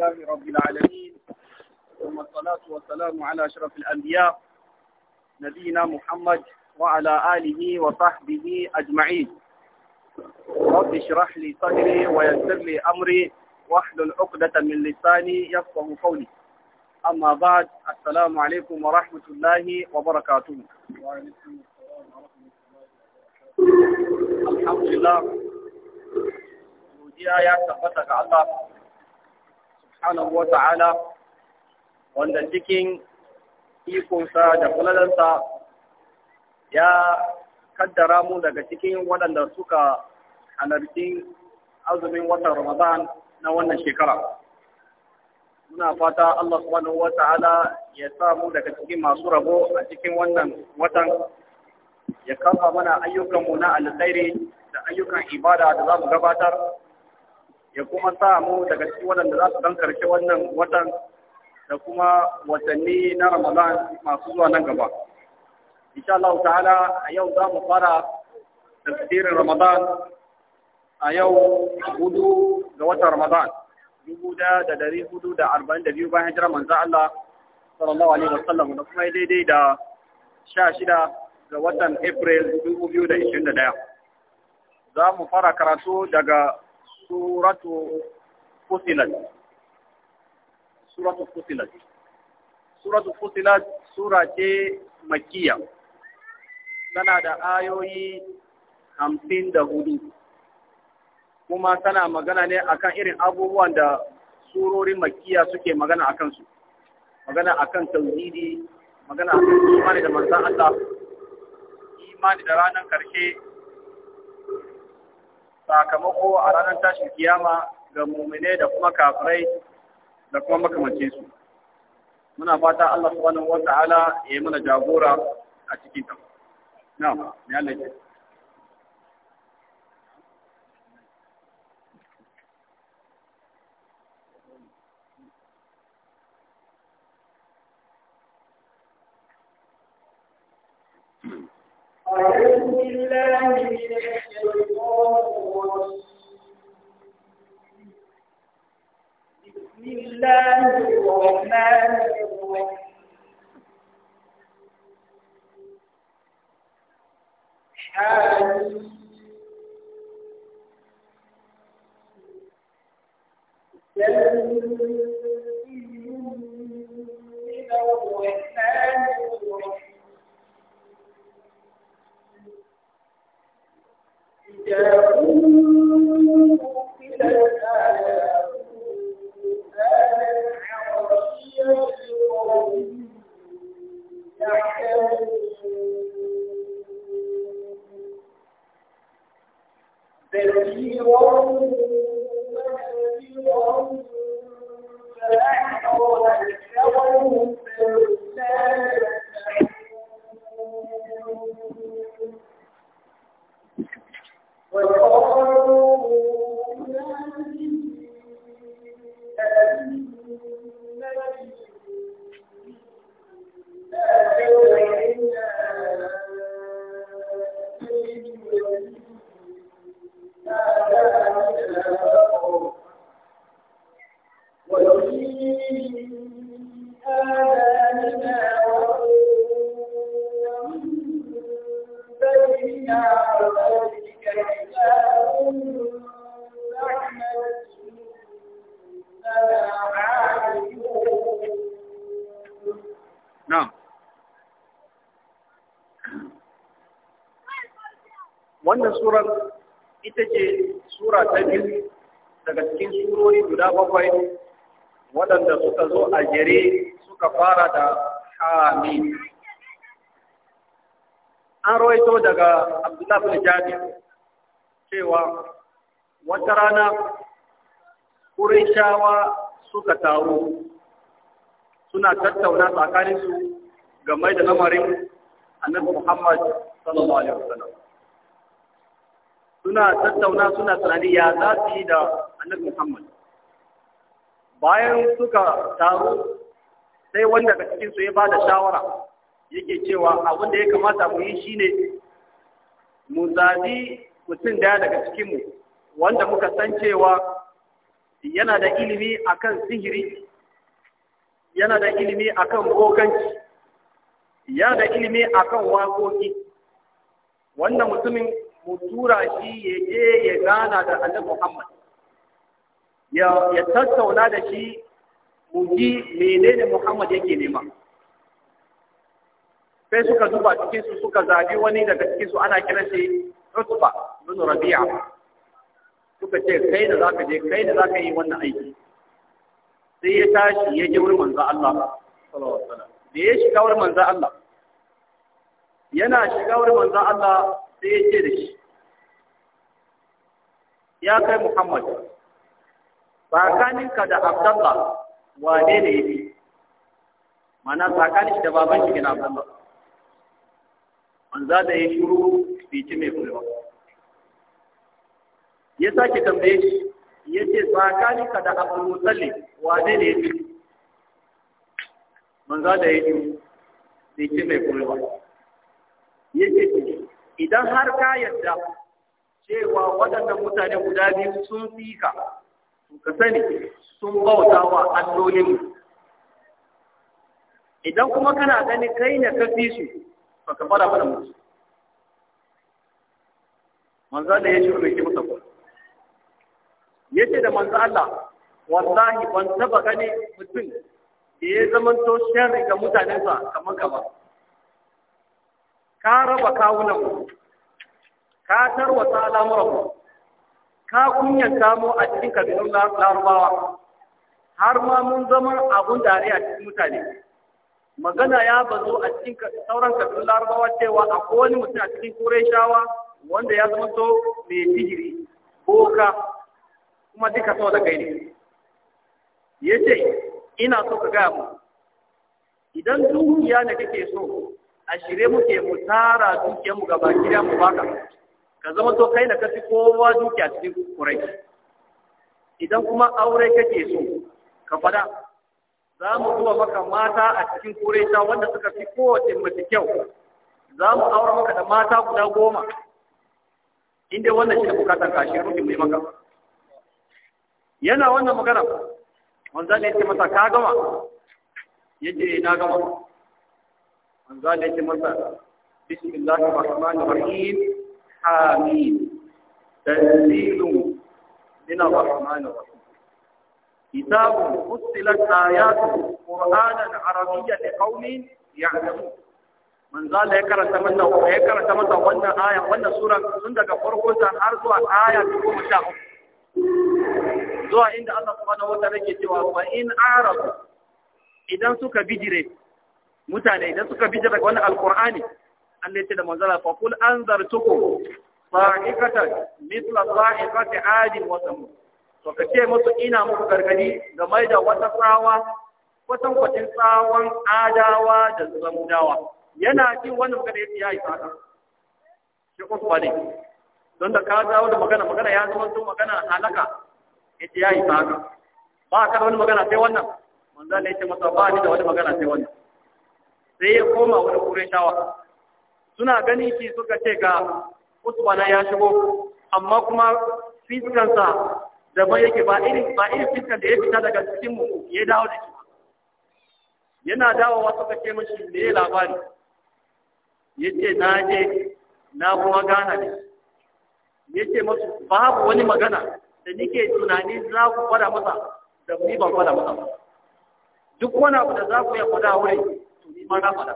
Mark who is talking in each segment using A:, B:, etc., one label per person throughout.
A: لله رب العالمين ثم الصلاة والسلام على أشرف الأنبياء نبينا محمد وعلى آله وصحبه أجمعين رب اشرح لي صدري ويسر لي أمري واحلل عقدة من لساني يفقه قولي أما بعد السلام عليكم ورحمة الله وبركاته الحمد لله ودي آيات tabbata ga subhanahu wa ta'ala wanda cikin ikonsa da kulalansa ya kaddara mu daga cikin waɗanda suka halarci azumin watan Ramadan na wannan shekara. Muna fata Allah subhanahu wa ta'ala ya samu daga cikin masu rabo a cikin wannan watan ya kafa mana ayyukanmu na alkhairi da ayyukan ibada da za mu gabatar ya kuma sa mu daga cikin waɗanda za su ɗan karshe wannan watan da kuma watanni na Ramadan masu zuwa nan gaba. Insha Allah ta'ala a yau za mu fara tafsirin Ramadan a yau hudu ga watan Ramadan. Dubu da da dari hudu da arba'in da biyu bayan hijira manzo Allah sallallahu alaihi wa sallam da kuma daidai da sha shida ga watan April dubu biyu da ishirin da ɗaya. Za mu fara karatu daga suratu fusilat suratu fusilat suratu fusilat sura ce makiya tana da ayoyi hamsin da hudu kuma tana magana ne akan irin abubuwan da surorin makiya suke magana a kansu magana akan tauhidi magana akan imani da manzan Allah imani da ranar karshe sakamako a ranar tashin kiyama ga mumine da kuma kafirai da kuma makamance su muna fata Allah subhanahu wa ta'ala ya yi mana jagora a
B: cikin ta na ne Allah ya
A: ibn jabir cewa wata rana kurishawa suka taru suna tattauna tsakaninsu game da lamarin annabi Muhammad sallallahu alaihi wasallam suna tattauna suna tunani ya za su yi da annabi Muhammad bayan suka taru sai wanda daga cikin su ya ba da shawara yake cewa abin da ya kamata mu yi shine mu zaɓi mutum daya daga cikinmu wanda muka san cewa yana da ilimi akan sihiri yana da ilimi akan boganci yana da ilimi akan waƙoƙi wanda mutumin mu tura shi ya je ya gana da annabi Muhammad ya tattauna da shi mu ji menene Muhammad yake nema sai suka duba cikin su suka zabi wani daga cikin su ana kiran shi Utba bin Rabi'a suka ce kai da zaka je kai da zaka yi wannan aiki sai ya tashi ya je wurin manzo Allah sallallahu alaihi wasallam da ya shiga wurin manzo Allah yana shiga wurin manzo Allah sai ya ce da shi ya kai Muhammad tsakaninka da Abdullah wane ne yake mana tsakanin shi da baban shi gina Abdullah za da ya shuru bai ci mai kulwa ya sake tambaye shi ya ce tsakaninka da abu musalli wane ne ya ci za da ya shuru bai ci mai kulwa ya ce idan har ka yadda cewa waɗannan mutane guda biyu sun fi ka ka sani sun bauta wa allolinmu idan kuma kana gani kai ne ka fi su ba fara musu manzo da ya ce bai ki musa yace da manzo Allah wallahi ban taba gani mutum da ya to sharri ga mutanensa kamar ka ba ka raba kawunan ku. ka tarwata al'amuran ku. ka kunyanta mu a cikin kabilun larabawa har ma mun zama abun dariya cikin mutane magana ya bazo a cikin sauran kabilun larabawa cewa akwai wani mutum a cikin shawa wanda ya zama to mai sihiri ko ka kuma duka sau da gaini ya ce ina so ka gaya mu idan dukiya da kake so a shirye muke mu tara dukiyarmu gaba gida mu baka ka zama to kai da kafi kowa dukiya cikin kurai idan kuma aure kake so ka fada za mu zuwa maka mata a cikin ta wanda suka fi kowace mace kyau za mu aure maka da mata guda goma inda wannan shi da bukatar kashi rukin mai maka yana wannan magana wanda ne ce masa ka gama ya ce na gama wanda ne ce masa bismillahir rahmanir rahim amin tanzilun
B: min ar-rahmanir
A: rahim كتاب فصلت آياته قرآنا عربيا لقوم يعلمون من قال يكرا تمنى ويكرا تمنى وانا آية وانا سورة سندك فرقوزا أرضوا آية تقوم شاهم zuwa inda Allah subhanahu wataala ke cewa fa in arabu idan suka bijire mutane idan suka bijire daga wannan alqur'ani Allah ya ce da manzala fa kul anzartukum sa'iqatan mithla sa'iqati adin wa samud to ka ce musu ina muku gargadi mai da wata tsawa kwatan kwatin tsawon adawa da zamudawa yana jin wannan magana yace ya yi fata shi kuma ne don da ka dawo da magana magana ya zama to magana halaka yace ya yi fata ba ka da wani magana sai wannan manzo ne ce masa ba ni da wani magana sai wannan sai ya koma wani shawa. suna gani shi suka ce ga usmana ya shigo amma kuma fiskansa daban yake ba irin ba irin fitka da ya fita daga cikin mu ya dawo da shi yana dawowa suka ce mashi me ya labari ya ce na je na kuma gana ne ya ce masu babu wani magana da nike tunani za ku fada masa da ni ban fada masa duk wani abu da za ku ya fada wai to ni ma na fada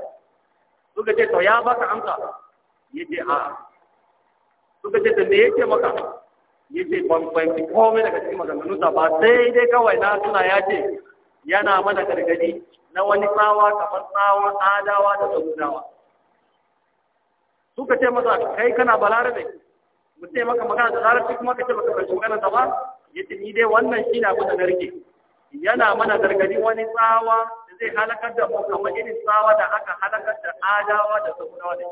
A: suka ce to ya baka amsa ya ce a suka ce da me ya ce maka yace ban fahimci komai daga cikin maganganunsa ba sai dai kawai na suna ya ce yana mana gargadi na wani tsawa kamar tsawa, adawa da sabudawa suka ce masa kai kana balarabe mu ce maka magana da larabci kuma ka ce baka fahimci maganar ta ba ce ni dai wannan shi abin da na rike yana mana gargadi wani tsawa da zai halakar da mu kamar irin tsawa da aka halakar da adawa da sabudawa da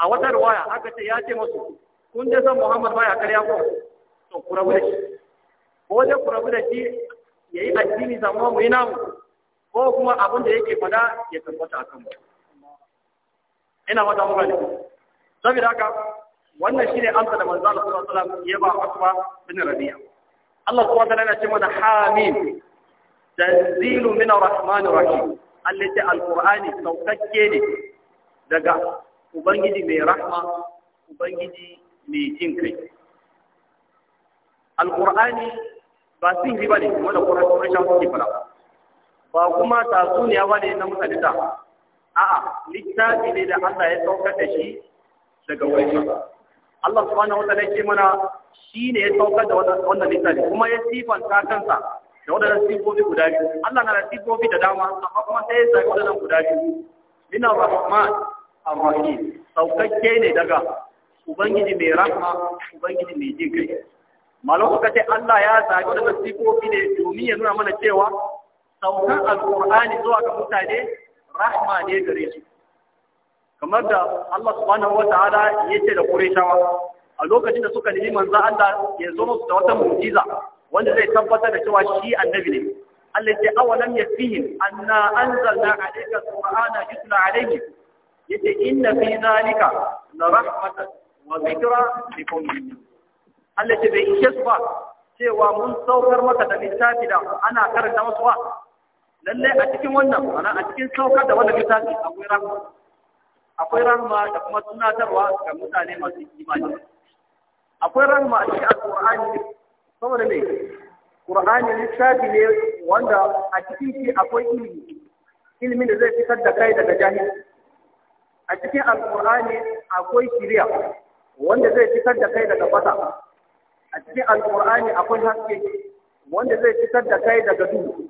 A: a wata ruwaya aka ce ya ce masu kun je san Muhammad baya karya ko to kurabu da shi ko dai kurabu da shi yayi addini zama mu yi namu ko kuma abin da yake fada ya tabbata akan mu ina wata muka ne saboda haka wannan shine amsa da manzo Allah sallallahu alaihi wasallam ya ba Usba bin Rabi'a Allah subhanahu wa ta'ala ya ce mana hamim tanzilu min arrahmanir rahim allati alqur'ani saukakke ne daga ubangiji mai rahma ubangiji mai jin ba sihiri ne kuma tatsuniya ba ne na a'a littafi ne da Allah ya da shi Allah subhanahu wa ta'ala ya ce mana ne ya saukar da wannan littafi kuma ya sifanta kansa da wadannan sifofi guda biyu Allah na da sifofi da dama amma kuma sai ya saki wadannan guda biyu min ar-rahman ar-rahim saukakke ne daga ubangiji mai rahama, ubangiji mai jin kai malamu ka ce Allah ya zaɓi wannan sifofi ne domin ya nuna mana cewa saukan alqur'ani zuwa ga mutane rahma ne gare su kamar da Allah subhanahu wataala ya ce da Qurayshawa a lokacin da suka nemi manzo Allah ya zo musu da wata mu'jiza wanda zai tabbatar da cewa shi annabi ne Allah ya awalam yafihim anna anzalna alayka qur'ana yutla alayhi yace inna fi zalika la rahmatan wa zikra li qaumin Allah ce bai ishe su ba cewa mun saukar maka da littafi da ana karanta masu ba lalle a cikin wannan mana a cikin saukar da wannan littafi akwai rahma akwai ma da kuma tunatarwa ga mutane masu imani akwai ma a cikin alqur'ani saboda me qur'ani littafi ne wanda a cikin shi akwai ilimi ilimin da zai fitar da kai daga jahili a cikin Alƙur'ani akwai shiriya wanda zai fitar da kai daga fata a cikin alkur'ani akwai haske wanda zai fitar da kai daga duhu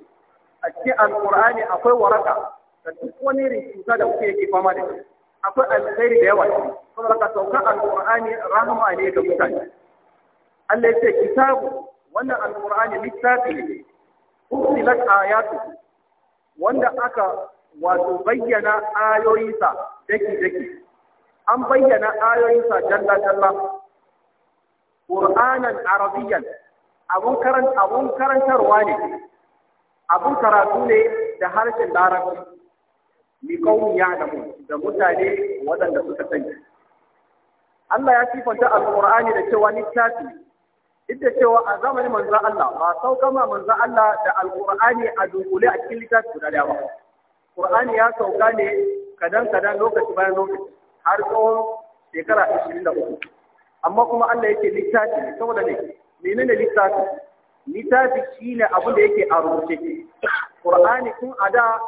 A: a cikin alkur'ani akwai waraka da duk wani rubuta da kuke yake fama da shi akwai alkhairi da yawa kuma daga sauka alkur'ani rahama ne ga mutane Allah ya ce kitabu wannan alkur'ani littafi ne fusilat ayatu wanda aka wato bayyana ayoyinsa daki daki an bayyana ayoyinsa jalla jalla qur'anan arabiyyan abun karan abun karantarwa ne abun karatu ne da harshen larabci li qaumin ya da mutane waɗanda suka sani Allah ya sifanta alqur'ani da cewa littafi duk da cewa a zamanin manzon Allah ba sau ma manzon Allah da alqur'ani a dunkule a cikin littafi guda ba Qur'ani ya sauka ne kadan kadan lokaci bayan lokaci har tsawon shekara ashirin da uku amma kuma Allah yake littafi ne saboda ne menene littafi littafi shi ne abin da yake a rubuce ke Qur'ani tun a da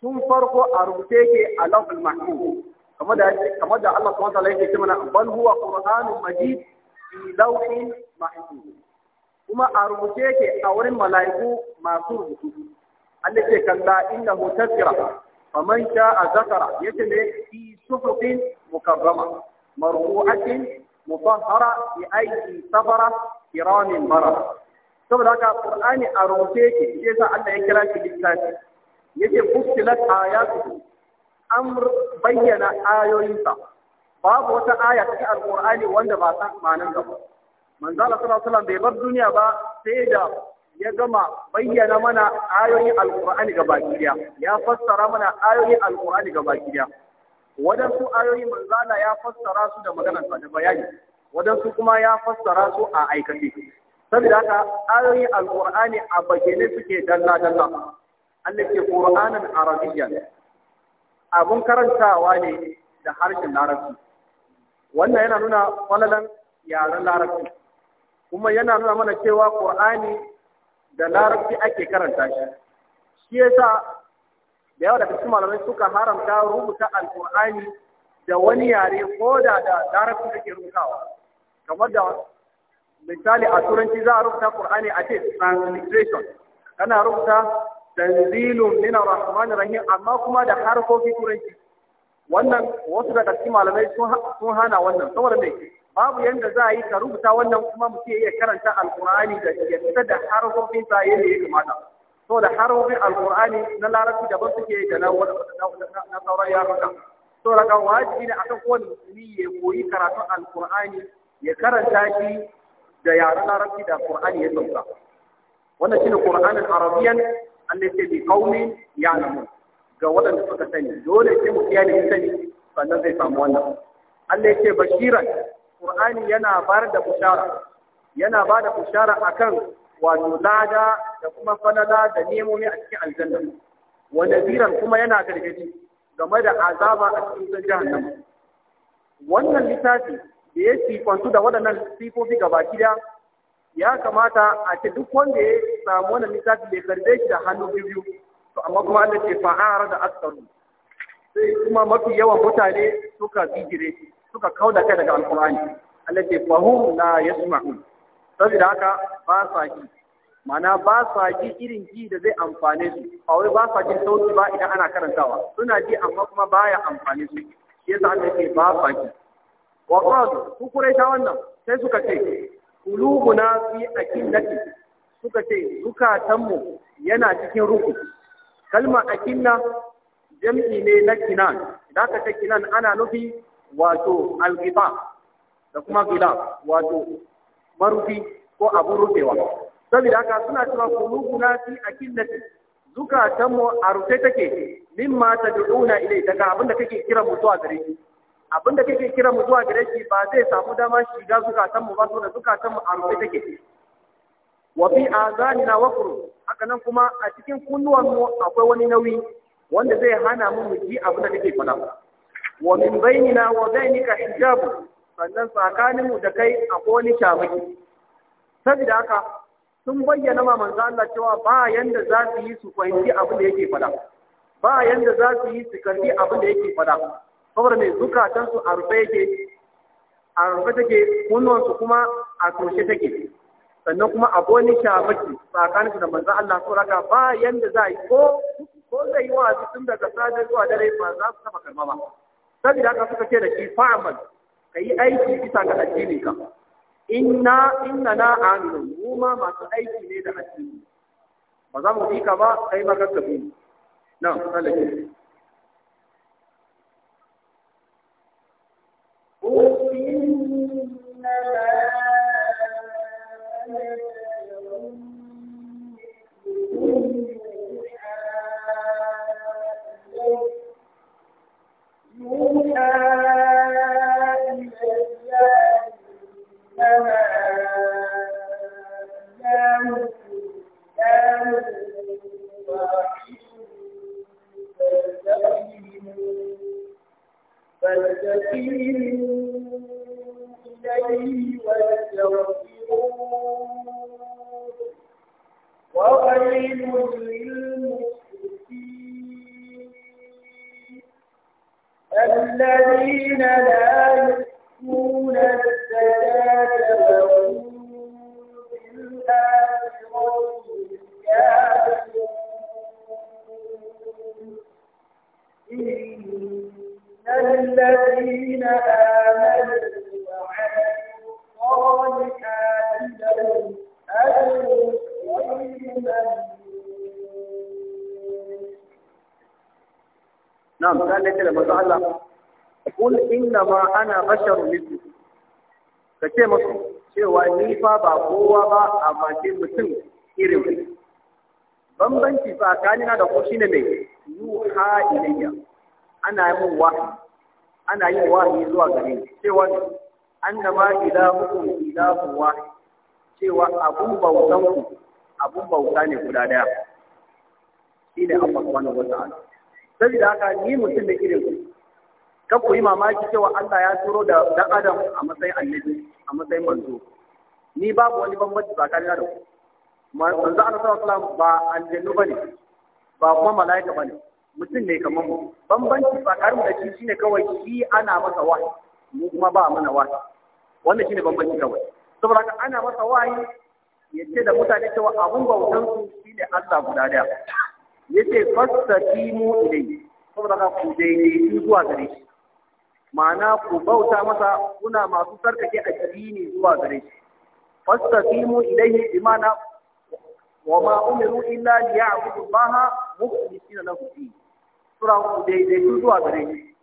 A: tun farko a rubuce ke a lafal mahimmi. kamar da Allah subhanahu wa ta'ala yake cewa bal huwa qur'anun majid fi lawhin mahimmi. kuma a rubuce yake a wurin mala'iku masu rubutu Allah ce kalla innahu tazkira faman sha'a zakara yace ne fi صحف مكرمة مرفوعة مطهرة بأيدي سفرة كرام مرة saboda haka Qur'ani a rubuce yake shi yasa Allah ya kira shi littafi yace fustilat ayatu an bayyana ayoyinsa babu wata aya cikin alqur'ani wanda ba san ma'anar da ba manzo Allah sallallahu alaihi bai bar duniya ba sai da ya gama bayyana mana ayoyin alqur'ani gaba daya ya fassara mana ayoyin alqur'ani gaba daya wadansu ayoyi manzala ya fassara su da maganarsa da bayani wadansu kuma ya fassara su a aikace saboda haka ayoyin alqur'ani a bayyane suke dalla dalla Allah ke qur'anan arabiyya abun karantawa ne da harshen larabci wannan yana nuna falalan yaren larabci kuma yana nuna mana cewa qur'ani da larabci ake karanta shi shi yasa da yawa daga cikin malamai suka haramta rubuta alkur'ani da wani yare ko da da larabci ke rubutawa kamar da misali a turanci za a rubuta qur'ani a ce transliteration kana rubuta tanzilun min arrahmanir rahim amma kuma da harkoki turanci wannan wasu daga cikin malamai sun hana wannan saboda me babu yanda za a yi ka rubuta wannan kuma mutum ya iya karanta alkur'ani da ya fitar da harkokin sa yadda ya kamata so da harofin alkur'ani na larabci daban suke da na na sauran yaruka so daga wajibi ne akan kowane musulmi ya koyi karatun alkur'ani ya karanta shi da yaren larabci da qur'ani ya sauka wannan shine qur'anin arabiyan allati bi qaumin ya'lamun ga waɗanda suka sani dole sai mutum ya nemi sani sannan zai samu wannan Allah ya ce bashiran qur'ani yana bayar da bushara yana ba da bushara akan wato lada da kuma falala da nemo ne a cikin aljanna wa nadiran kuma yana gargadi game da azaba a cikin wutar jahannama wannan littafi da ya sifantu da waɗannan sifofi gaba gida ya kamata a ce duk wanda ya samu wannan littafi da karbe shi da hannu biyu to amma kuma Allah ce fa'ara da askaru sai kuma mafi yawan mutane suka bijire suka kauda kai daga alkur'ani Allah ce fahum la yasma'un saboda haka ba sa ji mana ba sa ji irin ji da zai amfane su A wai ba sa ji sauki ba idan ana karantawa suna ji amma kuma baya amfane su shi yasa Allah yake ba sa ji wa qalu kukurai ta wannan sai suka ce qulubuna fi akinnati suka ce zukatanmu yana cikin ruku kalma akinna jam'i ne na kinan Da ka ce kinan ana nufi wato alkifa da kuma gila wato marufi ko abun rufewa saboda haka suna cewa na fi akillati zukatanmu a rufe take mimma na ilai daga abin da kake kira mu zuwa gare shi abin da kake kira mu zuwa gare shi ba zai samu dama shiga zukatanmu ba da zukatanmu a rufe take wa fi na wakuru haka nan kuma a cikin kunnuwanmu akwai wani nauyi wanda zai hana mu mu ji abin da kake faɗa wa min bainina wa bainika hijabu sannan tsakaninmu da kai a koli shamaki saboda haka sun bayyana ma manzo Allah cewa ba yanda za su yi su fahimci abin da yake faɗa ba yanda za su yi su kalli abin da yake faɗa saboda mai zukatan su a rufe yake a rufe take kunnuwan su kuma a toshe take sannan kuma a goni shamaki tsakaninsu da manzo Allah so raka ba yanda za yi ko ko zai yi wa tun daga sadar zuwa dare ba za su taba karma ba saboda haka suka ce da shi fa'amal ka yi aiki bisa ga addini ka inna inna na aminu mu ma masu aiki ne da addini ba za mu bi ka ba kai ma ka
B: na, sallake
A: ana bashar mithlu ka ce musu cewa ni fa ba kowa ba a mace mutum irin bambanci tsakanina da ku shine mai ha ilayya ana yi wa ana ana yin ni zuwa gare ni cewa annama ilahukum ilahu wahid cewa abun bautan ku abun bauta ne guda daya shine Allah subhanahu wa ta'ala saboda haka ni mutum da irin ku kan ku yi mamaki cewa Allah ya turo da dan Adam a matsayin annabi a matsayin manzo ni babu wani bambanci tsakanin da ku manzo Allah sallallahu alaihi ba aljannu bane ba kuma malaika bane mutum ne kamar mu bambanci karin da shi shine kawai shi ana masa wahayi mu kuma ba mana wahayi wannan shine bambanci kawai saboda haka ana masa wahayi yace da mutane cewa abun bautan su shine Allah guda daya yace timu ilayhi saboda haka ku daidaitu zuwa gare shi ma'ana ku bauta masa kuna masu sarkake jini zuwa gare shi fastaqimu ilayhi imana wa ma umiru illa ya'budu allaha mukhlisina lahu din sura ku daidai zuwa gare shi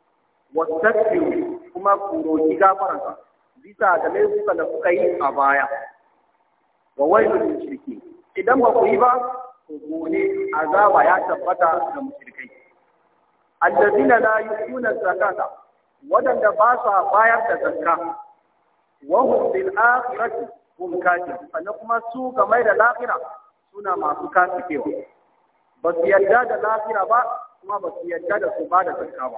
A: wastaqimu kuma ku roki gafaransa bisa da laifuka da kuka yi a baya wa wailul mushrikin idan ba ku yi ba ku gode azaba ya tabbata ga mushrikai alladina la yu'tuna zakata waɗanda ba sa bayar da zakka wahum bil akhirati hum kafir sannan kuma su game da lafira suna masu kafikewa ba su yarda da lafira ba kuma ba su yarda da su ba da zakka ba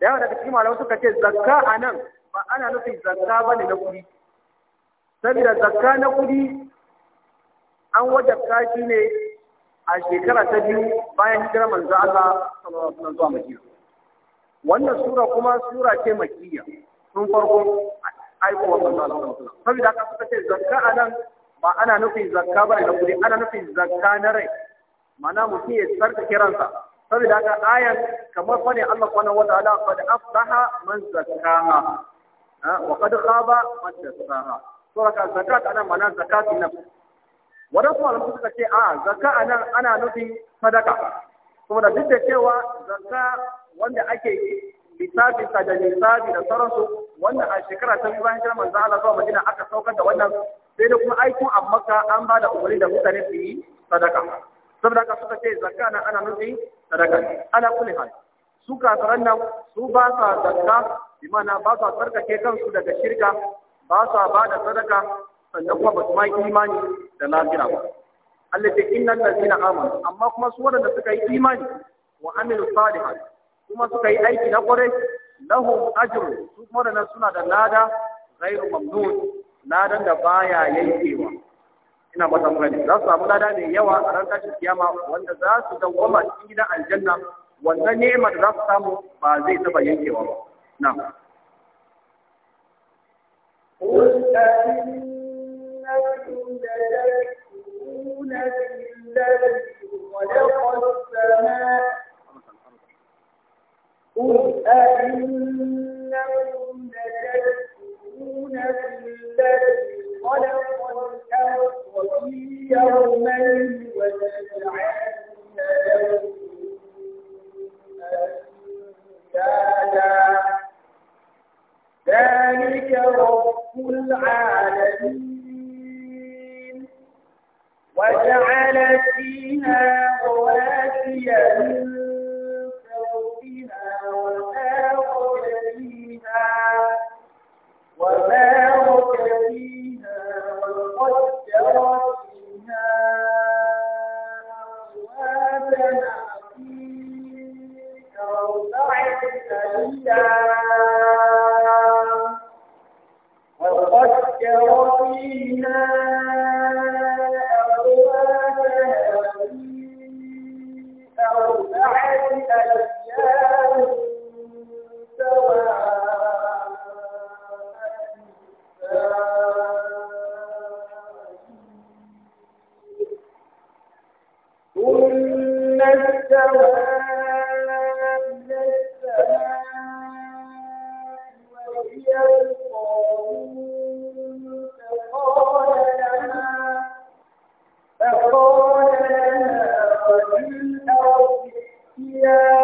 A: da yawa daga cikin malamai suka ce zakka a nan ba ana nufin zakka ba ne na kuɗi saboda zakka na kuɗi an wada kashi ne a shekara ta biyu bayan hijirar manzo Allah sallallahu alaihi wasallam zuwa Madina wannan sura kuma sura ce makiyya sun farko aikowa manzo Allah saboda haka suka ce zakka anan ba ana nufin zakka ba da kudi ana nufin zakka na rai mana mutum ya sarka kiransa saboda haka ayan kamar fa ne Allah subhanahu wa ta'ala qad aflaha man zakkaha wa qad khaba man dassaha sura ka zakat anan mana zakatun nafs wadansu malamai suka ce a zakka anan ana nufin sadaka saboda duk da cewa zakka wanda ake lissafi sa da lissafi da sauransu wannan a shekara ta biyu bayan manzo Allah zuwa Madina aka saukar da wannan sai da kuma aiko a Makka an ba da umarni da mutane su yi sadaka saboda ka suka ce zakka nan ana nufi sadaka ana kulli hal su kafiran nan su ba sa zakka bi ba sa tsarkake kansu daga shirka ba sa ba da sadaka sannan kuma ba su ma imani da lafiya ba Allah ce innal ladina amanu amma kuma su waɗanda suka yi imani wa amilu salihat kuma suka yi aiki na kwarai lahum ajru su kuma da nan suna da lada ghairu mamnun ladan da baya yankewa ina ba san gani za su samu lada mai yawa a ran tashin kiyama wanda za su dawwama cikin gidan aljanna wannan nema da za su samu ba zai taba yankewa ba na'am قل أئنكم لتكفرون بالذي خلق السماوات قل أئنكم لتكفرون بالذي خلق
B: الأرض في يومين وتجعلون له
A: ذلك رب العالمين وجعل فيها رواسي
B: من عشيا
A: وقدر فيها أقواتها في أربعة أيام سواء
C: ثم
B: استوى إِلَّا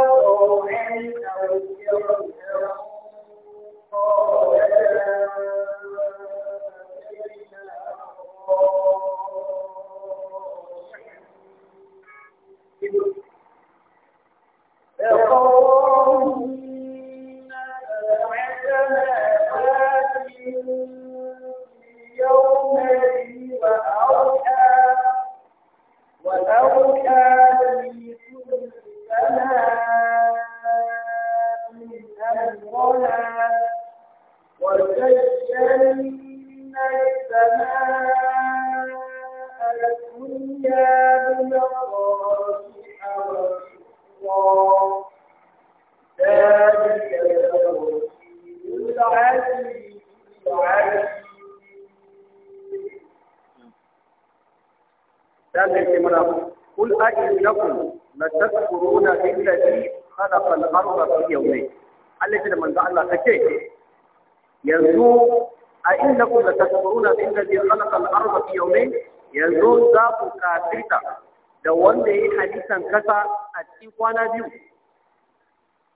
A: kwana biyu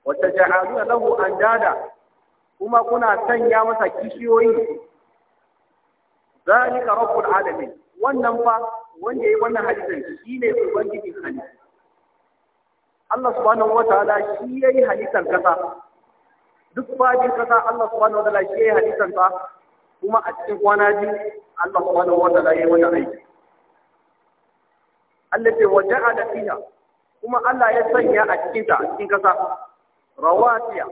A: wata ja'aluna lahu andada kuma kuna sanya masa kishiyoyi ka rabbul alamin wannan fa wanda yayi wannan hadisin ne ubangijin halitta Allah subhanahu wataala shi yayi halittar kasa duk fadin kasa Allah subhanahu wataala shi yayi hadisan sa kuma a cikin kwana biyu Allah subhanahu wataala
B: yayi wannan aiki
A: Allah ce waja'ala fiha kuma Allah ya sanya a cikin ta cikin kasa rawatiya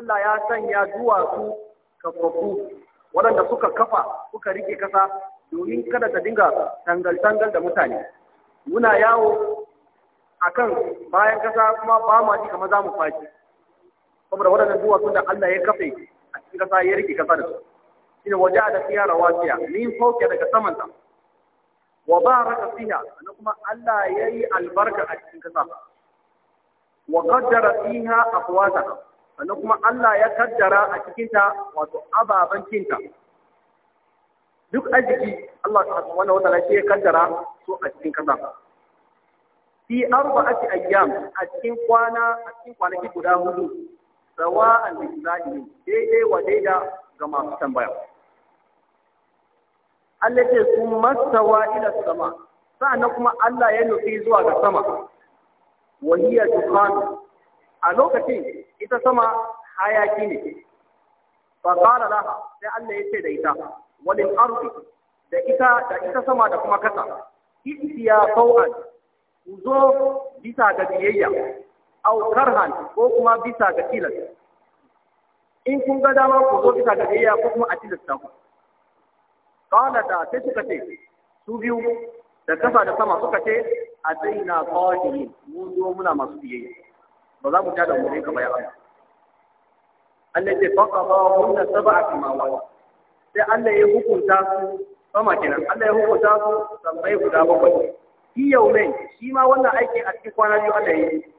A: Allah ya sanya duwatsu kafafu waɗanda suka kafa suka rike kasa domin kada ta dinga tangal-tangal da mutane muna yawo akan bayan kasa kuma ba ma ji kamar za mu fashi saboda waɗanda duwatsun da Allah ya kafe a cikin kasa ya rike kasa da su shine waje da fiya rawatiya min fauke daga samanta wa baraka fiha sannan kuma Allah yayi albarka a cikin kasa wa qaddara fiha aqwata sannan kuma Allah ya kaddara a cikin ta wato ababan cinta duk arziki Allah subhanahu ta'ala shi ya kaddara su a cikin kasa fi arba'ati ayyam a cikin kwana a cikin kwanaki guda hudu sawa'an lisa'ilin daidai wa daida ga masu tambaya Allah ce sun mastawa ila sama sa'annan kuma Allah ya nufi zuwa ga sama wa hiya dukhan a lokacin ita sama hayaki ne fa qala laha sai Allah ya ce da ita walil ardi da ita da ita sama da kuma kasa itiya ku zo bisa ga biyayya au karhan ko kuma bisa ga tilas in kun ga dama ku zo bisa ga biyayya ko kuma a tilasta ku qalata sai suka ce su biyu da kafa da sama suka ce a daina qadirin mu zo muna masu biyayya ba za mu ta da umurni kamar bayan Allah Allah ce faqada hunna sab'a samawat sai Allah ya hukunta su sama kenan Allah ya hukunta su sammai guda bakwai yau ne shi ma wannan aiki a cikin kwana biyu Allah ya yi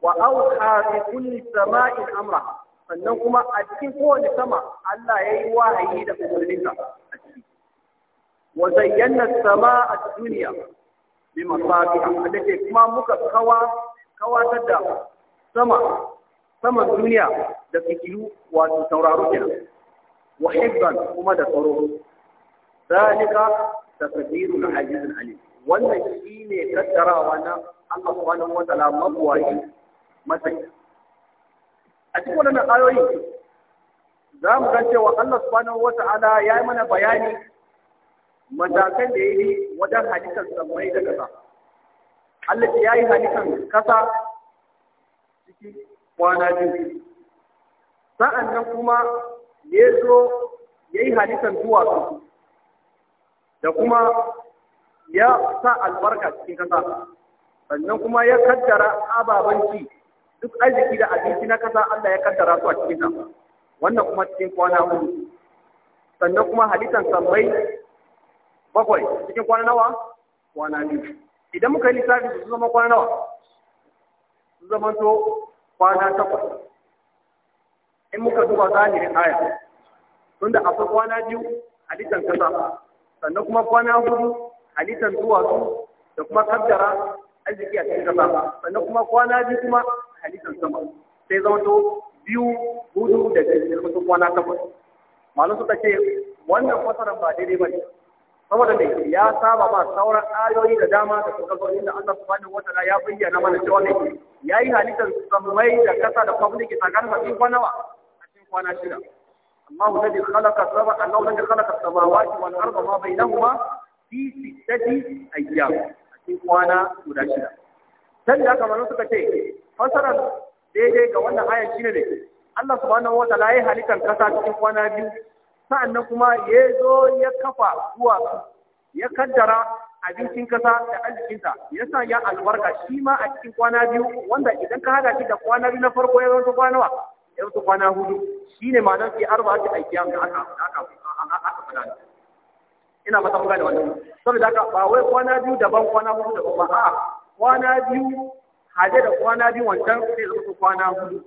A: wa auha bi kulli sama'in amraha sannan kuma a cikin kowane sama Allah ya yi wahayi da umarninsa a ciki wa zayyana sama a duniya bi a da ke kuma muka kawatar da sama saman duniya da fikiru wato tauraro kenan wa hibban kuma da tsaro zalika na aziz Ali. wannan shi ne tattarawa na Allah subhanahu wa ta'ala mabwayi a cikin wannan ayoyi za mu gan cewa Allah subhanahu wata'ala ya yi mana bayani matakan da ya yi wajen halittar sammai da ƙasa Allah ya yi halittar ƙasa ciki kwana biyu sa'an nan kuma ya zo ya yi halittar duwatsu da kuma ya sa albarka cikin ƙasa sannan kuma ya kaddara ababen ci duk arziki da abinci na kasa Allah ya kaddara su a cikin ta wannan kuma cikin kwana hudu sannan kuma halittar sammai bakwai cikin kwana nawa kwana biyu idan muka yi lissafi su zama kwana nawa su zama to kwana takwas in muka duba zahirin aya tunda akwai kwana biyu halittar kasa sannan kuma kwana hudu halittar duwatsu da kuma kaddara arziki a cikin kasa sannan kuma kwana biyu kuma halittar sama sai zama to biyu hudu da jirgin sun kwana takwas malum suka ce wannan fasaran ba daidai ba ne saboda mai ya saba ba sauran ayoyi da dama da suka zo inda Allah subhanahu wataala ya bayyana mana cewa ne yayi halittar sammai da kasa da kuma ke tsakanin Wasu kwana wa a cikin kwana shida Allah alladhi khalaqa sab'a Allah alladhi khalaqa samawati wal arda ma bainahuma fi sittati ayyam a cikin kwana guda shida kamar ce fasarar daidai ga wannan aya shine ne Allah subhanahu wa ta'ala ya halittar kasa cikin kwana biyu sa'annan kuma ya zo ya kafa zuwa ya kaddara abincin kasa da arzikinta ya sa ya albarka shi ma a cikin kwana biyu wanda idan ka hada shi da kwana biyu na farko ya zo kwana nawa ya zo kwana hudu shine ma'anar sai arba ta ayyam da aka aka aka fada ina fata mun gane wannan saboda haka ba wai kwana biyu daban kwana hudu daban ba a'a kwana biyu haje da kwana biyu wancan sai zama to kwana hudu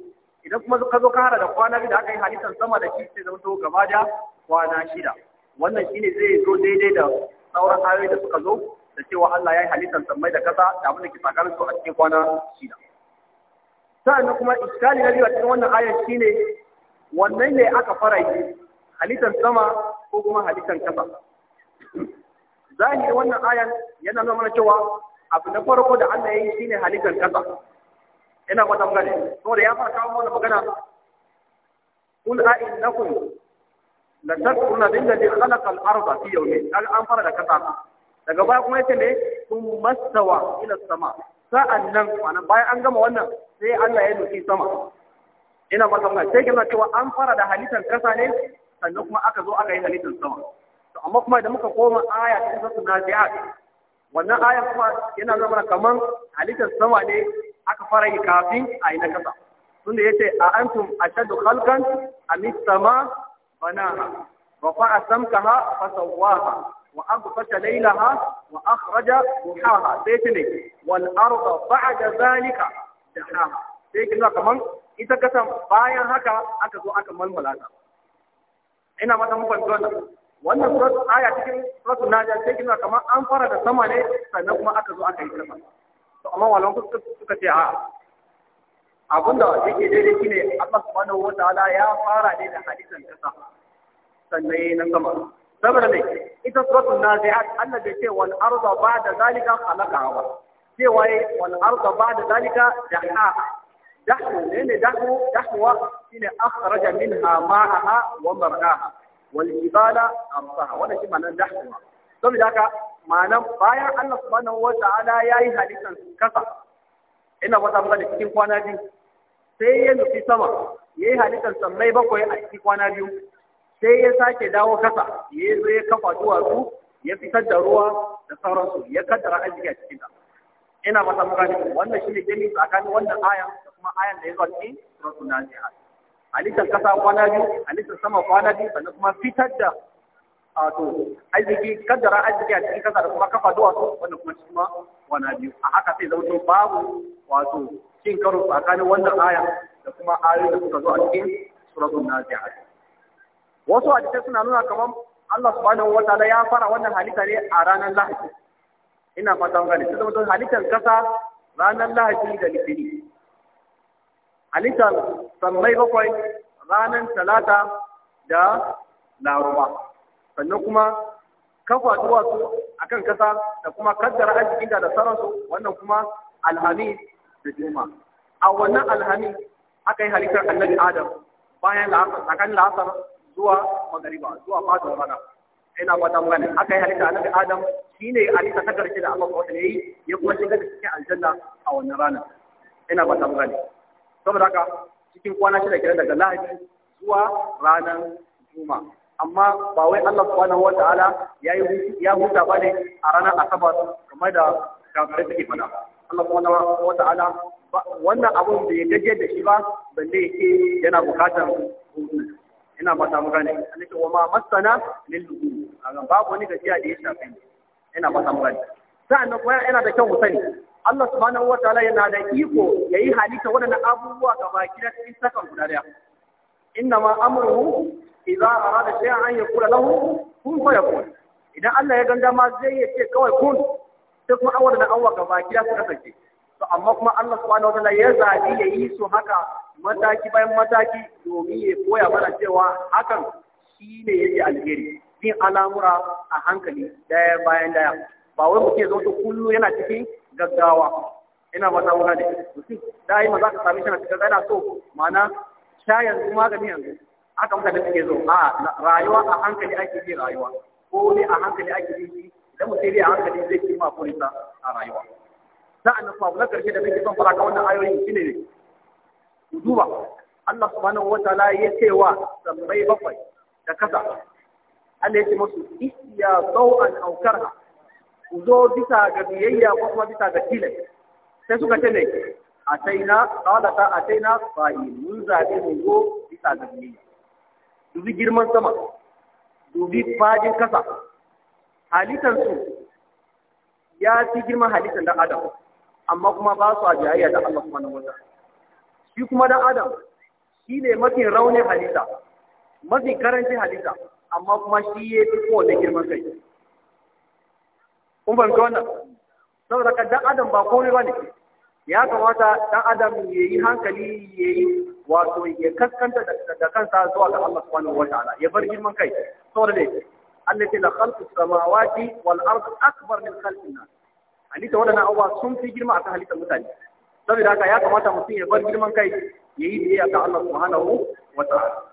A: idan kuma ka zo ka da kwana biyu da aka yi hadisan sama da shi sai zama to gaba da kwana shida wannan shine zai zo daidai da sauran ayoyi da suka zo da cewa Allah ya yi halittar sammai da kasa da abin da ke sakar su a cikin kwana shida na kuma iskali na biyu a cikin wannan ayar shine wannan ne aka fara yi halittar sama ko kuma halittar kasa zahiri wannan ayan yana nuna mana cewa abu na farko da Allah ya yi shine halittar kasa ina fata magana gane saboda ya fara kawo wannan magana kul a innakum la takfuruna billazi khalaqa al-arda fi yawmin kaga an fara da kasa daga baya kuma yace ne kun mastawa ila sama sa'annan ana bayan an gama wannan sai Allah ya nufi sama ina fata magana sai kuma cewa an fara da halittar kasa ne sannan kuma aka zo aka yi halittar sama to amma kuma idan muka koma aya ta sura wannan ayan kuma yana zama kaman halittar sama ne aka fara yi kafin a yi na kasa tunda yace a antum ashadu khalqan am as-sama banaha wa fa'a samkaha fa sawwaha wa aghfasha laylaha wa akhraja duhaha sai ne wal arda ba'da zalika dahaha sai kin kaman ita kasa bayan haka aka zo aka malmala ta ina mata muku wannan wannan suratul aya cikin suratul najm sai kina kamar an fara da sama ne sannan kuma aka zo aka yi sama to amma walan suka ce a abinda yake daidai kine Allah subhanahu wataala ya fara ne da hadisan kasa sannan yayin na sama saboda ne ita suratul naziat Allah bai ce wal arda ba'da zalika khalaqaha ba sai waye wal arda ba'da zalika dahaha dahu ne ne dahu dahwa shine akhraja minha ma'aha wa mar'aha wal jibala arsaha wannan shi ma'anar dahsuha saboda haka ma'anar bayan Allah subhanahu wa ta'ala yi halittar kasa ina wata da cikin kwana biyu sai ya nufi sama ya yi halittar sammai bakwai a cikin kwana biyu sai ya sake dawo kasa ya zo ya kafa duwatsu ya fitar da ruwa da sauransu ya kaddara arziki a cikin ta ina masa mugani wannan shi ne jami'i tsakanin wannan aya da kuma ayan da ya zo cikin suratul nazihat halittar kasa kwana biyu halittar sama kwana biyu sannan kuma fitar da wato arziki kaddara arziki a cikin kasa da kuma kafa duwatsu wanda kuma cikin kwana biyu a haka sai zama babu wato cin karo tsakanin wannan aya da kuma ayoyi da suka zo a cikin suratul nazi'at wasu cikin suna nuna kamar Allah subhanahu wa ta'ala ya fara wannan halitta ne a ranar Lahadi ina fata mun gane sai zama halittar kasa ranar Lahadi da Litinin halittar sammai bakwai ranar talata da laruba sannan kuma kafa duwatsu a kan kasa da kuma kaddara arzikin da sauransu wannan kuma alhamis da juma a wannan alhamis aka yi halittar annabi adam bayan tsakan la'asar zuwa magariba zuwa fadon rana ina fata gane aka yi halitta annabi adam shine halitta ta karshe da Allah ko ya yi ya kuma shiga cikin aljanna a wannan rana ina fata gane saboda haka cikin kwana shida kenan daga lahadi zuwa ranar juma amma ba wai Allah subhanahu wataala ya yi ya huta ba ne a ranar asabar kamar da kafirai suke fada Allah subhanahu wataala wannan abun da ya dage da shi ba balle yake yana bukatar ina fata mu gane an ce wa ma masana lil ga babu wani gajiya da ya shafe ina fata mu gane sa'annan kuma yana da kyau mu sani Allah subhanahu wa ta'ala yana da iko ya yi halitta waɗannan abubuwa ga baki na cikin sakan guda daya inna ma a rada shi a an yaqula lahu kun kun. idan Allah ya ganda ma zai ya ce kawai kun sai kuma awar da awwa ga baki na su kasance to amma kuma Allah subhanahu wa ta'ala ya zaɓi ya yi su haka mataki bayan mataki domin ya koya mana cewa hakan shine ce alheri bin alamura a hankali daya bayan daya ba wai mutum ya zo kullum yana cikin gaggawa ina ba samu wuna da mutum da yi maza ka sami shi na cikin tsada so ma'ana sha yanzu magani yanzu aka mutane suke zo a rayuwa a hankali ake yi rayuwa ko ne a hankali ake yi idan mutum ya a hankali zai ci ma kurisa a rayuwa sa'an nan kuma na karshe da nake son fara ka wannan ayoyin shine ne ku duba Allah subhanahu wataala ya ce wa sammai bakwai da kasa Allah ya ce musu iya sau'an aukarha. ku zo bisa ga biyayya ko kuma bisa ga tilas sai suka ce ne a taina ta a na fa'i mun zaɓe mu zo bisa ga biyayya dubi girman sama dubi fadin kasa halittar su ya fi girman halittar dan adam amma kuma ba su a biyayya da Allah kuma na wata shi kuma dan adam shi ne mafi raunin halitta mafi karancin halitta amma kuma shi ya fi kowane girman kai kun fahimci wannan saboda ka dan adam ba komai ba ne ya kamata dan adam ya yi hankali ya yi wato ya kaskanta da kansa zuwa ga Allah subhanahu wa ta'ala ya bar girman kai saboda ne Allah ya khalqu samawati wal ardi akbar min khalqin nas halitta wadannan abubuwa sun fi girma akan halittar mutane saboda haka ya kamata mutum ya bar girman kai ya yi biyayya ga Allah subhanahu wa ta'ala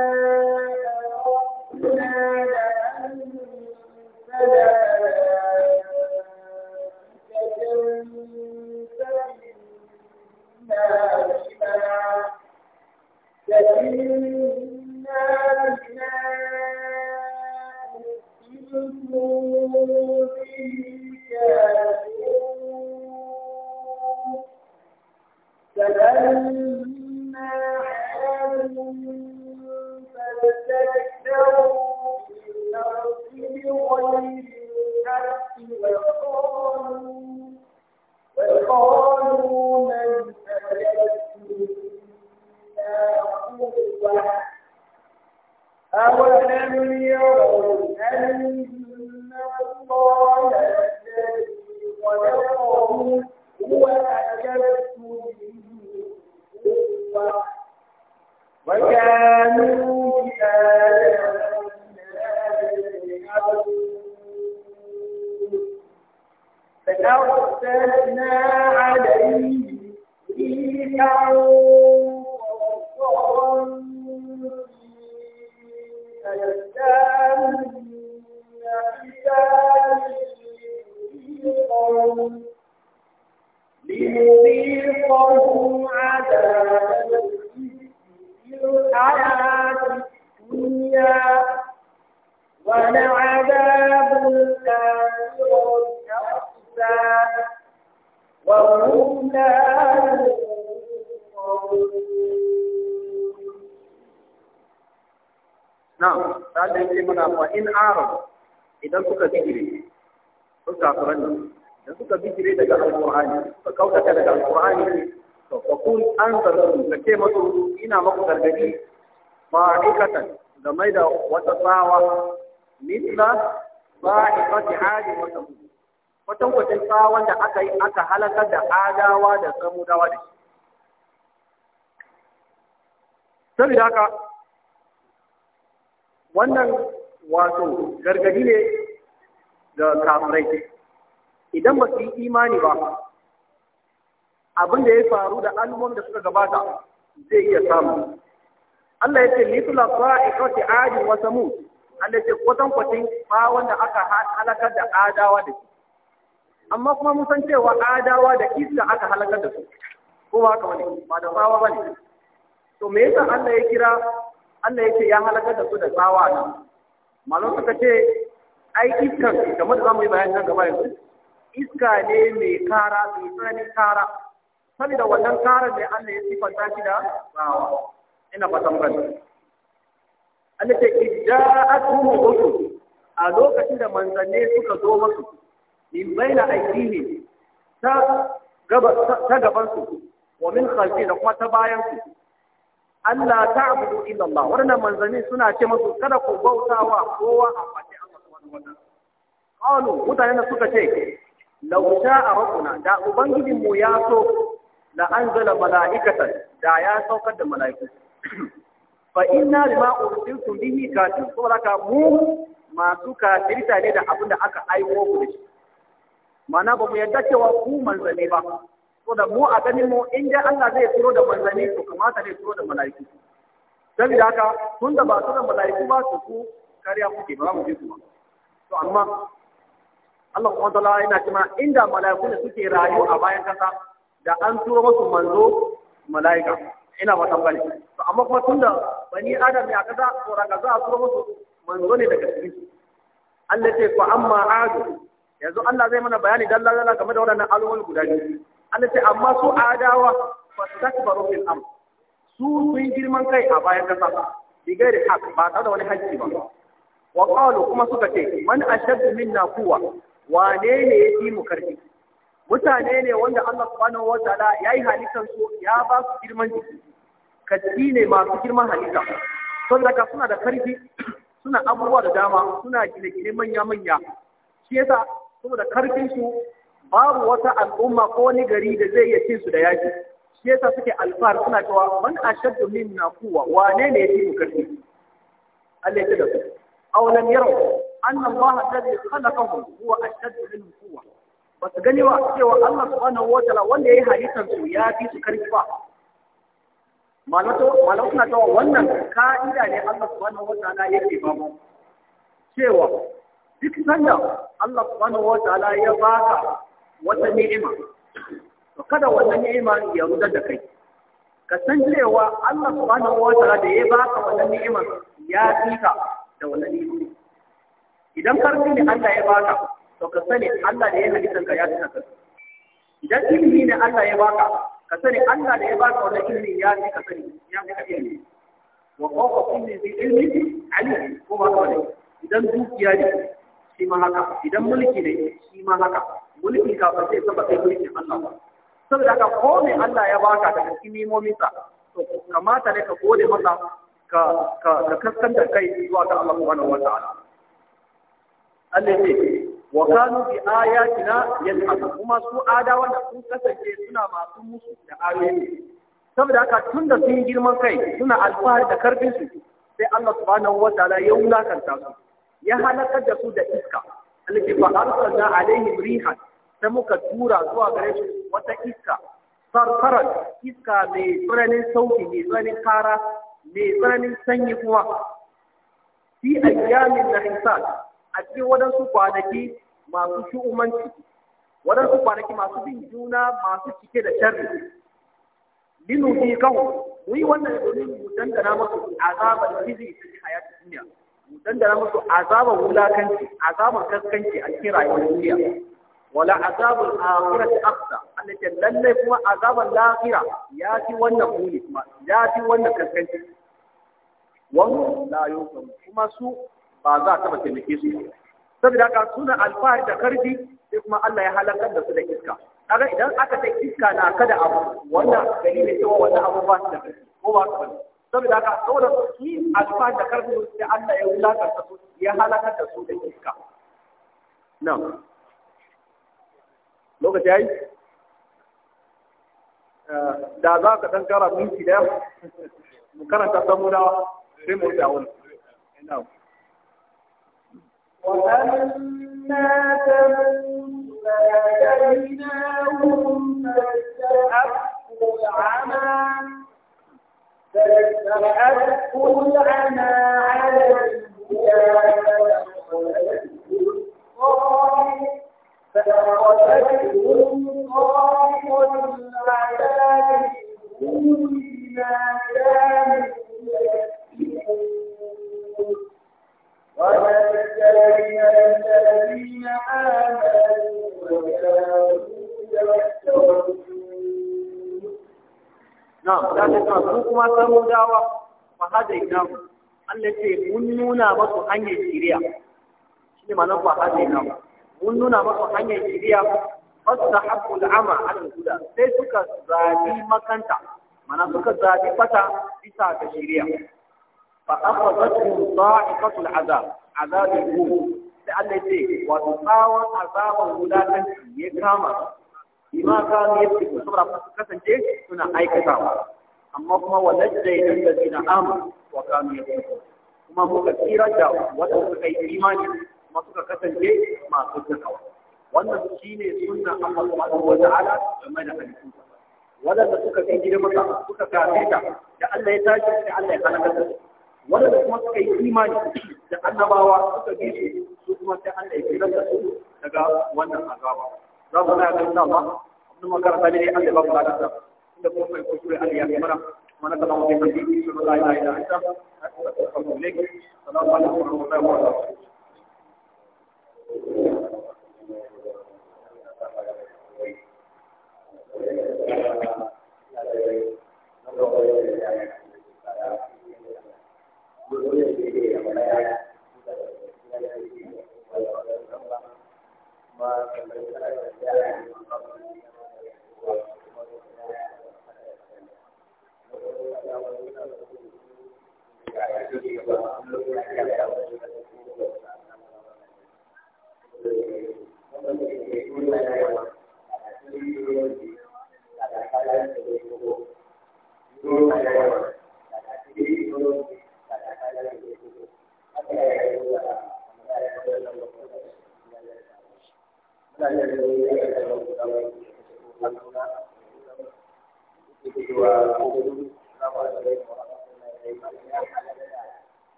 B: Thank you. na'am da yake mana fa in arab idan suka bijire sun
A: kafiran ne idan suka bijire daga alqur'ani Ka kautaka daga alqur'ani to fa kun an zarru ka ce musu ina maku gargadi ma'aikatan game da wata tsawa ba mithla ba'ifati hadi wa samud kwatankwacin tsawon da aka yi aka halakar da adawa da samudawa da shi saboda haka wannan wato gargadi ne ga kafirai idan ba su yi imani ba abin da ya faru da al'umman da suka gabata
B: zai iya samu
A: Allah ya ce litula sa'iqati adi wa mu Allah ya ce kwatan kwatin ba wanda aka halakar da adawa da su. amma kuma mun san cewa adawa da isa aka halakar da su ko ba haka wani ba da ba ne. to me yasa Allah ya kira Allah ya ce ya halaka da su da tsawa nan malon suka ce ai iskar kamar da zamu yi bayani nan gaba yanzu iska ne mai kara mai tsananin kara saboda wannan karar ne Allah ya sifanta shi da tsawa ina fatan gani Allah ce idja'atuhum rusul a lokacin da manzanne suka zo musu min baina aidihi ta gaba ta gaban su wa min khalfi da kuma ta bayan su Allah ta abu abudu illallah waɗannan manzanni suna ce masu kada ku bauta wa kowa a fati Allah wata. wataala mutane mutanen suka ce lauta a rukuna, da Ubangijinmu mu ya so la zala mala'ikatan da ya saukar da mala'iku fa inna lima ursiltum bihi kafin tsoraka mu masu kafirta ne da abin da aka aiko ku da shi Mana ba mu yadda cewa ku manzanni ba So da mu a ganin mu in dai Allah zai turo da manzanni to kamata zai turo da mala'iku. Saboda haka tun da ba su da mala'iku ba su ku kariya kuke ba mu ji su ba. To amma Allah kuma tala yana cewa inda mala'iku ne suke rayu a bayan kasa da an turo musu manzo mala'ika. Ina ba tambari. To amma kuma tun da bani Adam ya kaza tsoron za a turo musu manzo ne daga cikin Allah ce fa amma adu yanzu Allah zai mana bayani dalla dalla game da waɗannan al'ummomi guda biyu an ce amma su adawa fastakbaru fil am su sun girman kai a bayan kasa bigairi hak ba tare da wani hakki ba wa qalu kuma suka ce man ashaddu minna quwwa wane ne ya yi mu karfi mutane ne wanda Allah subhanahu wa ta'ala yayi halikan su ya ba su girman jiki kaddi ne masu girman halitta sun daga suna da karfi suna abubuwa da dama suna gine-gine manya-manya shi yasa saboda karfin su babu wata al'umma ko wani gari da zai iya cin su da yaki shi yasa suke alfar suna cewa man ashaddu minna quwwa wane ne yake mu karfi Allah ya da su aw lam yaraw anna Allah alladhi khalaqahum huwa ashaddu minhum quwwa ba su gani wa cewa Allah subhanahu wa ta'ala wanda yi halittar su ya fi su karfi ba Malam suna cewa wannan ka'ida ne Allah subhanahu wa ta'ala yake ba mu cewa duk sanda Allah subhanahu wa ta'ala ya baka wata ni'ima to kada wannan ni'ima ya rudar da kai ka san cewa Allah subhanahu wa ta'ala da ya baka wannan ni'imar ya fika da wannan ni'ima idan karfi ne Allah ya baka to ka sani Allah da ya halitta ka ya tsaka idan ilimi ne Allah ya baka ka sani Allah da ya baka wannan ilimi ya fi ka sani ya fi ka ilimi wa fawqa kulli dhi ilmi alim ko ba ka idan dukiya ne shi ma haka idan mulki ne shi ma haka mulki kafin sai ta baka mulki Allah ba saboda ka ko me Allah ya baka da cikin nimomin sa to kamata ne ka gode masa ka ka ka kaskanta kai zuwa ga Allah subhanahu ta'ala Allah ne wa kanu bi ayatina yadhhabu kuma su adawa da sun kasance suna masu musu da ayoyi saboda haka tun da sun girman kai suna alfahari da karfin su sai Allah subhanahu ta'ala ya wulakanta su ya halakar da su da iska alki fa arsalna alaihim rihan sai muka tura zuwa gare shi wata iska sarsarar iska mai tsananin sauki mai tsananin kara mai tsananin sanyi kuma fi ayyamin na isa, a cikin waɗansu kwanaki masu shu'umanci waɗansu kwanaki masu bin juna masu cike da sharri linu fi kawo mu yi wannan domin mu dandana musu azabar fizi ta hayatin duniya mu dandana musu azabar wulakanci azabar kaskanci a cikin rayuwar duniya wala azabul akhirati aqsa Allah ce lalle kuma azaban lahira ya fi wannan muni kuma ya fi wannan kaskanci wannan la yusam kuma su
B: ba za ta taimake su
A: saboda haka suna alfahari da karfi sai kuma Allah ya halakar da su da iska kaga idan aka ce iska na kada abu wannan dalilin cewa wannan abu ba su da ko ba su saboda haka saboda su yi alfahari da karfi sai Allah ya wulakar da su ya halakar da su da iska na'am lokaci yayi eh, da za ka dan kara minti da mu karanta samu da sai mu ta wani ina وأما ثمود فهديناهم فاستحقوا العمى فاستحقوا العمى على
B: الهدى فأخذتهم الصالحة فأخذتهم صاعقة العذاب
A: ta kuma dawa Allah ce mun nuna masu hanyar shiriya. Shi ne ba fa hada ina. mun nuna maka hanyar shiriya da al'ama ala guda sai suka zabi makanta mana suka zabi fata bisa ga shiriya fa akhadhatu dha'iqatu al'azab azab al-hud sai Allah ya ce wa tsawon azabun wulatanci ya kama bima kanu yaftiku saboda su kasance suna aikatawa
B: amma kuma walajjaynal ladina amanu wa kanu yaftiku kuma muka tsira da wata suka yi imani kuma suka kasance masu takawa wannan
A: shine suna amma subhanahu wa ta'ala game da hadisin wadanda suka kai gidan masa suka kafe ta da Allah ya tashi da Allah ya halaka ta wadanda kuma suka yi imani da annabawa suka bi su su kuma sai Allah ya kira da su daga wannan
B: azaba za mu ga kan sa ma mun makaranta ne Allah ya ba mu lafiya inda kuma kai kuskure Allah ya kamara mana da mu da shi sallallahu alaihi wa sallam assalamu alaikum wa
A: rahmatullahi wa barakatuh
B: Gracias.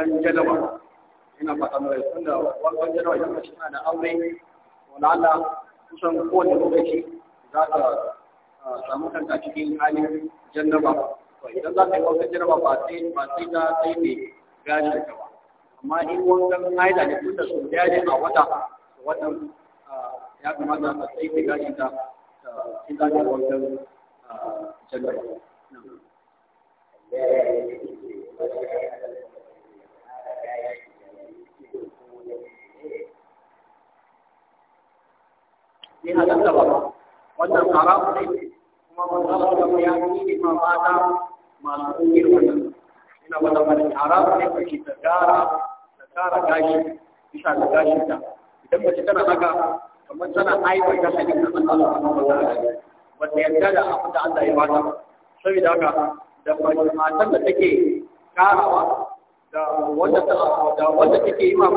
B: wankan janaba ina fata mai tunda
A: wankan janaba idan mace tana da aure wala Allah kusan kowane lokaci za ka samu kanta cikin halin janaba to idan za ta yi wankan janaba ba sai ba sai ta sai ne gashin ta ba amma in wankan haida ne tunda sun da
B: ne a wata wannan ya kamata ta sai ne gashin ta in za ta yi wankan janaba. Yeah. halatta ba wannan haram ne kuma manzon Allah ya yi ma mata masu yin wannan ina wannan bane haram ne ka ki ta gara ta gara gashi bisa ga gashin ta idan mace tana haka kamar tana aiwata hadisin Allah subhanahu wa ta'ala wanda yadda da abin da Allah ya bata saboda haka da matan da take karawa da wanda ta da wanda take yi ma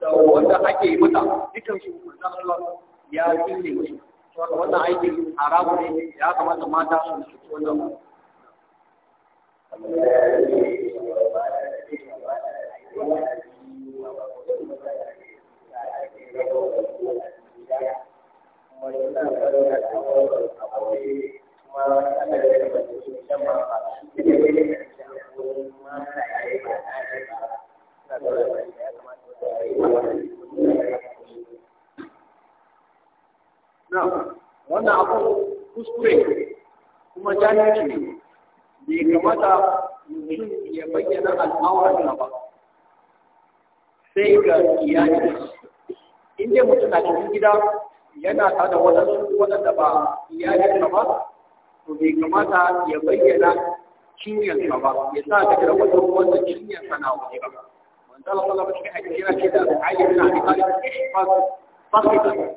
B: da wanda ake yi mata dukan shi manzon Allah ya kulle mishi saboda wannan aikin haramu ne ya kamata mata su su wannan Thank you.
A: wannan abu
B: kuskure kuma jahilci ne bai kamata mutum ya bayyana al'awarsa ba sai ga iyali
A: in dai mutum na cikin gida yana tada waɗansu waɗanda ba iyalinsa ba
B: to bai kamata ya bayyana cinyarsa ba ya sa ta kira wata wanda cinyarsa na waje ba wanda Allah Allah cikin hakira ce da ayyuka na da ta ihfaz fasidan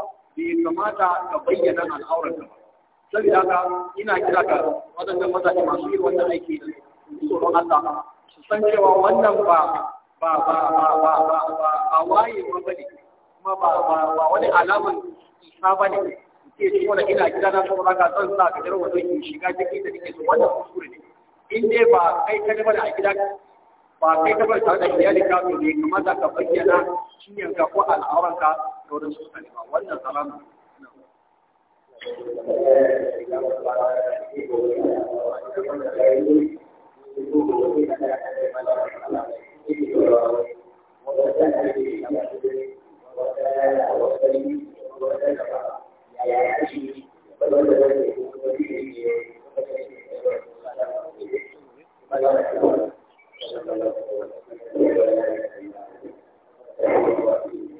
A: bai kamata ka bayyana al'auranka ba saboda ka, ina kira ka waɗannan mazaje masu yi wannan aiki tsoron Allah su san cewa wannan ba ba ba ba ba ba ba ba waye ba bane kuma ba ba ba wani alamar isa bane ke ce wala ina gida na saboda haka zan sa ka jarwa zan shiga cikin da nake so wannan kuskure ne in dai ba kai ka bane a gida ba kai ka bar tare da iyali ka to ne kamata ka bayyana cinyan ka ko al'auran ka da wurin su ba wannan salamu
B: Thank you. Thank you.